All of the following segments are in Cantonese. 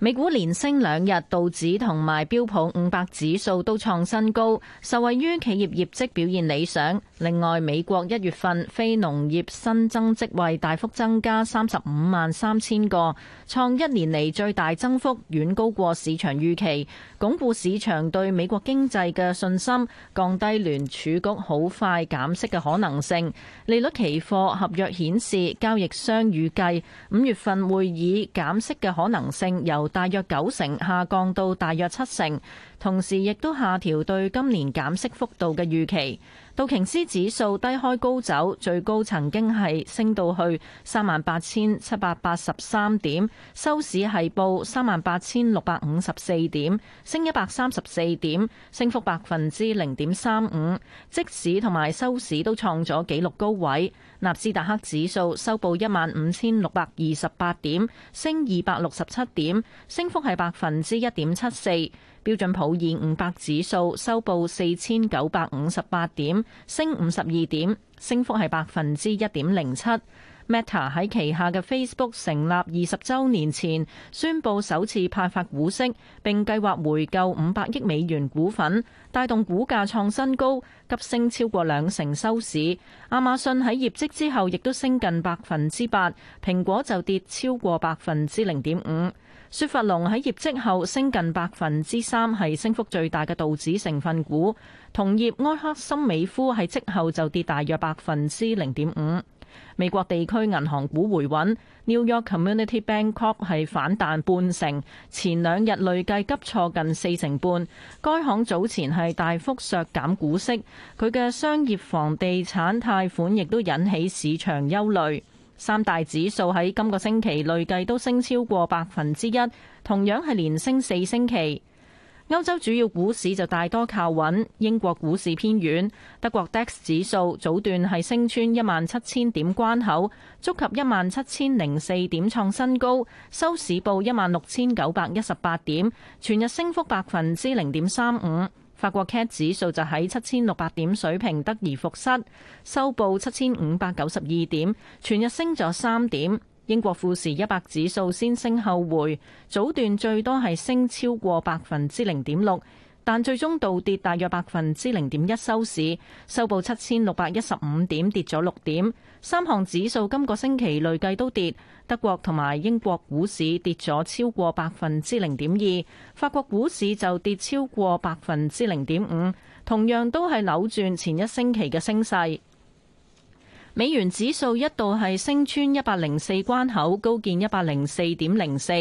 美股連升兩日，道指同埋標普五百指數都創新高，受惠於企業業績表現理想。另外，美國一月份非農業新增職位大幅增加三十五萬三千個，創一年嚟最大增幅，遠高過市場預期，鞏固市場對美國經濟嘅信心，降低聯儲局好快減息嘅可能性。利率期貨合約顯示，交易商預計五月份會議減息嘅可能性由大約九成下降到大約七成。同時亦都下調對今年減息幅度嘅預期。道瓊斯指數低開高走，最高曾經係升到去三萬八千七百八十三點，收市係報三萬八千六百五十四點，升一百三十四點，升幅百分之零點三五。即市同埋收市都創咗紀錄高位。納斯達克指數收報一萬五千六百二十八點，升二百六十七點，升幅係百分之一點七四。標準普爾五百指數收報四千九百五十八點，升五十二點，升幅係百分之一點零七。Meta 喺旗下嘅 Facebook 成立二十週年前宣布首次派發股息，並計劃回購五百億美元股份，帶動股價創新高，急升超過兩成收市。亞馬遜喺業績之後亦都升近百分之八，蘋果就跌超過百分之零點五。雪佛龍喺業績後升近百分之三，係升幅最大嘅道指成分股。同業埃克森美孚喺績後就跌大約百分之零點五。美國地區銀行股回穩，New York Community Bank Corp 係反彈半成，前兩日累計急挫近四成半。該行早前係大幅削減股息，佢嘅商業房地產貸款亦都引起市場憂慮。三大指數喺今個星期累計都升超過百分之一，同樣係連升四星期。歐洲主要股市就大多靠穩，英國股市偏軟，德國 DAX 指數早段係升穿一萬七千點關口，觸及一萬七千零四點，創新高，收市報一萬六千九百一十八點，全日升幅百分之零點三五。法國 CAC 指數就喺七千六百點水平得而復失，收報七千五百九十二點，全日升咗三點。英國富時一百指數先升後回，早段最多係升超過百分之零點六。但最終倒跌大約百分之零點一收市，收報七千六百一十五點，跌咗六點。三項指數今個星期累計都跌，德國同埋英國股市跌咗超過百分之零點二，法國股市就跌超過百分之零點五，同樣都係扭轉前一星期嘅升勢。美元指數一度係升穿一百零四關口，高見一百零四點零四，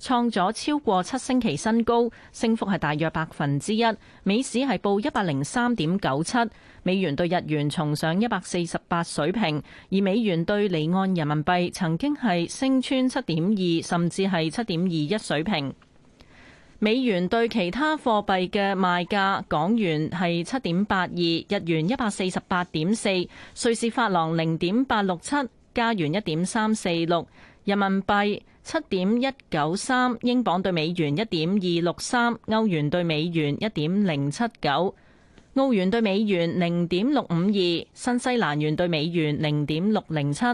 創咗超過七星期新高，升幅係大約百分之一。美指係報一百零三點九七，美元對日元重上一百四十八水平，而美元對離岸人民幣曾經係升穿七點二，甚至係七點二一水平。美元對其他貨幣嘅賣價，港元係七點八二，日元一百四十八點四，瑞士法郎零點八六七，加元一點三四六，人民幣七點一九三，英鎊對美元一點二六三，歐元對美元一點零七九，澳元對美元零點六五二，新西蘭元對美元零點六零七。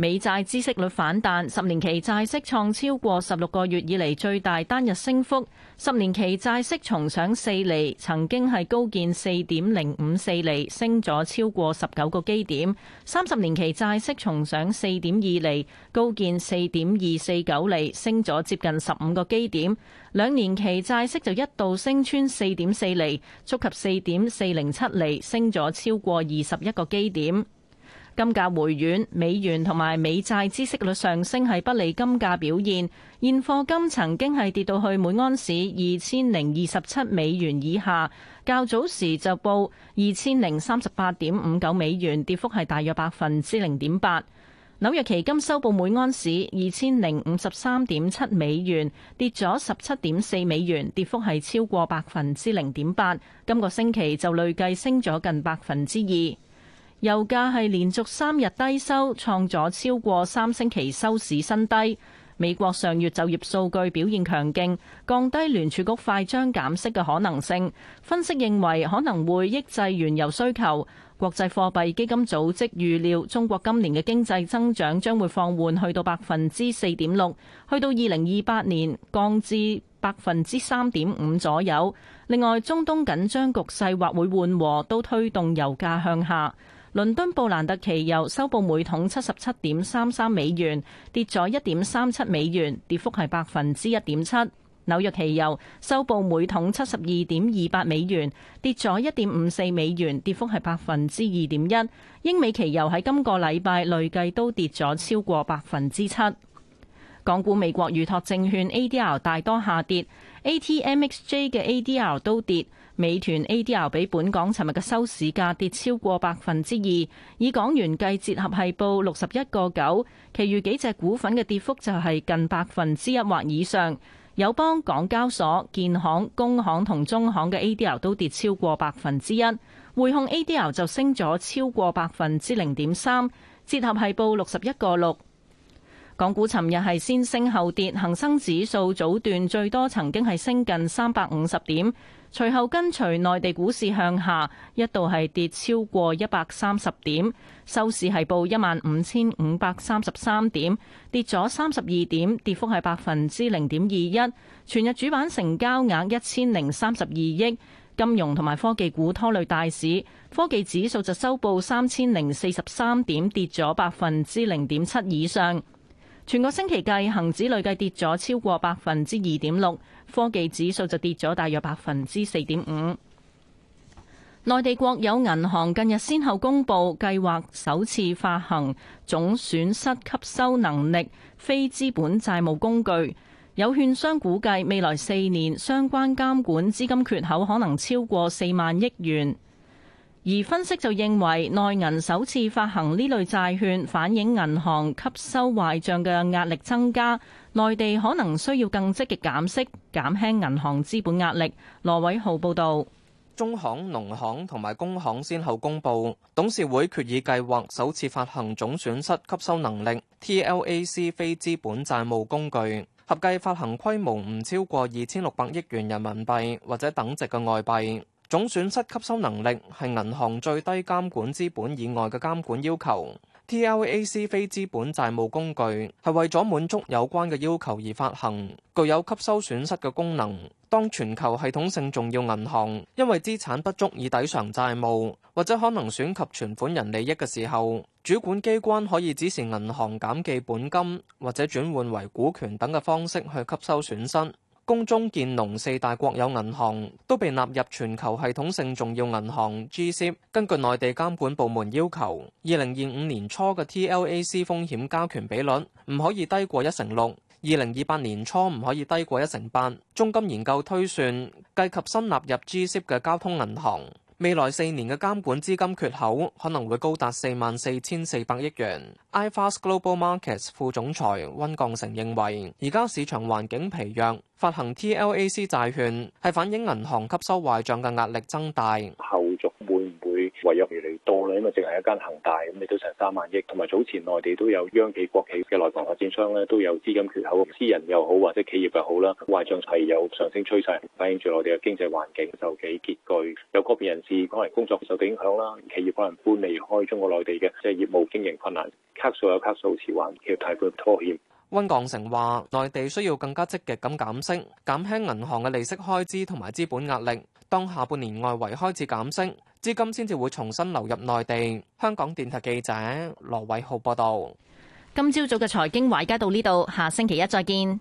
美債孳息率反彈，十年期債息創超過十六個月以嚟最大單日升幅。十年期債息重上四厘，曾經係高見四點零五四厘，升咗超過十九個基點。三十年期債息重上四點二厘，高見四點二四九厘，升咗接近十五個基點。兩年期債息就一度升穿四點四厘，觸及四點四零七厘，升咗超過二十一個基點。金價回軟，美元同埋美債孳息率上升係不利金價表現，現貨金曾經係跌到去每盎司二千零二十七美元以下，較早時就報二千零三十八點五九美元，跌幅係大約百分之零點八。紐約期金收報每盎司二千零五十三點七美元，跌咗十七點四美元，跌幅係超過百分之零點八。今個星期就累計升咗近百分之二。油價係連續三日低收，創咗超過三星期收市新低。美國上月就業數據表現強勁，降低聯儲局快將減息嘅可能性。分析認為可能會抑制原油需求。國際貨幣基金組織預料中國今年嘅經濟增長將會放緩，去到百分之四點六，去到二零二八年降至百分之三點五左右。另外，中東緊張局勢或會緩和，都推動油價向下。倫敦布蘭特期油收報每桶七十七點三三美元，跌咗一點三七美元，跌幅係百分之一點七。紐約期油收報每桶七十二點二八美元，跌咗一點五四美元，跌幅係百分之二點一。英美期油喺今個禮拜累計都跌咗超過百分之七。港股美國預託證券 A.D.R 大多下跌，A.T.M.X.J 嘅 A.D.R 都跌，美團 A.D.R 比本港尋日嘅收市價跌超過百分之二，以港元計折合係報六十一個九。其餘幾隻股份嘅跌幅就係近百分之一或以上。友邦、港交所、建行、工行同中行嘅 A.D.R 都跌超過百分之一，匯控 A.D.R 就升咗超過百分之零點三，折合係報六十一個六。港股尋日係先升後跌，恒生指數早段最多曾經係升近三百五十點，隨後跟隨內地股市向下，一度係跌超過一百三十點，收市係報一萬五千五百三十三點，跌咗三十二點，跌幅係百分之零點二一。全日主板成交額一千零三十二億，金融同埋科技股拖累大市，科技指數就收報三千零四十三點，跌咗百分之零點七以上。全個星期計，恒指累計跌咗超過百分之二點六，科技指數就跌咗大約百分之四點五。內地國有銀行近日先後公布計劃首次發行總損失吸收能力非資本債務工具，有券商估計未來四年相關監管資金缺口可能超過四萬億元。而分析就認為，內銀首次發行呢類債券，反映銀行吸收壞賬嘅壓力增加，內地可能需要更積極減息，減輕銀行資本壓力。羅偉浩報導，中行、農行同埋工行先後公布董事會決議，計劃首次發行總損失吸收能力 （TLAC） 非資本債務工具，合計發行規模唔超過二千六百億元人民幣或者等值嘅外幣。總損失吸收能力係銀行最低監管資本以外嘅監管要求。TLAC 非資本債務工具係為咗滿足有關嘅要求而發行，具有吸收損失嘅功能。當全球系統性重要銀行因為資產不足以抵償債務，或者可能損及存款人利益嘅時候，主管機關可以指示銀行減記本金或者轉換為股權等嘅方式去吸收損失。工中建農四大國有銀行都被納入全球系統性重要銀行 G-SIB，根據內地監管部門要求，二零二五年初嘅 T-LAC 風險加權比率唔可以低過一成六，二零二八年初唔可以低過一成八。中金研究推算，計及新納入 G-SIB 嘅交通銀行。未來四年嘅監管資金缺口可能會高達四萬四千四百億元。iFAST Global Markets 副總裁温鋼成認為，而家市場環境疲弱，發行 TLAC 債券係反映銀行吸收壞帳嘅壓力增大。後續會唔會違約？咁啊，淨係一間恒大，咁你都成三萬億，同埋早前內地都有央企、國企嘅內房發展商咧，都有資金缺口，私人又好或者企業又好啦，壞賬係有上升趨勢，反映住內地嘅經濟環境受幾拮據，有個別人士可能工作受影響啦，企業可能搬離開中國內地嘅，即係業務經營困難，卡數有卡數，遲還叫貸款拖欠。温港城話：內地需要更加積極咁減息，減輕銀行嘅利息開支同埋資本壓力。當下半年外圍開始減息。資金先至會重新流入內地。香港電台記者羅偉浩報道。今朝早嘅財經華爾街到呢度，下星期一再見。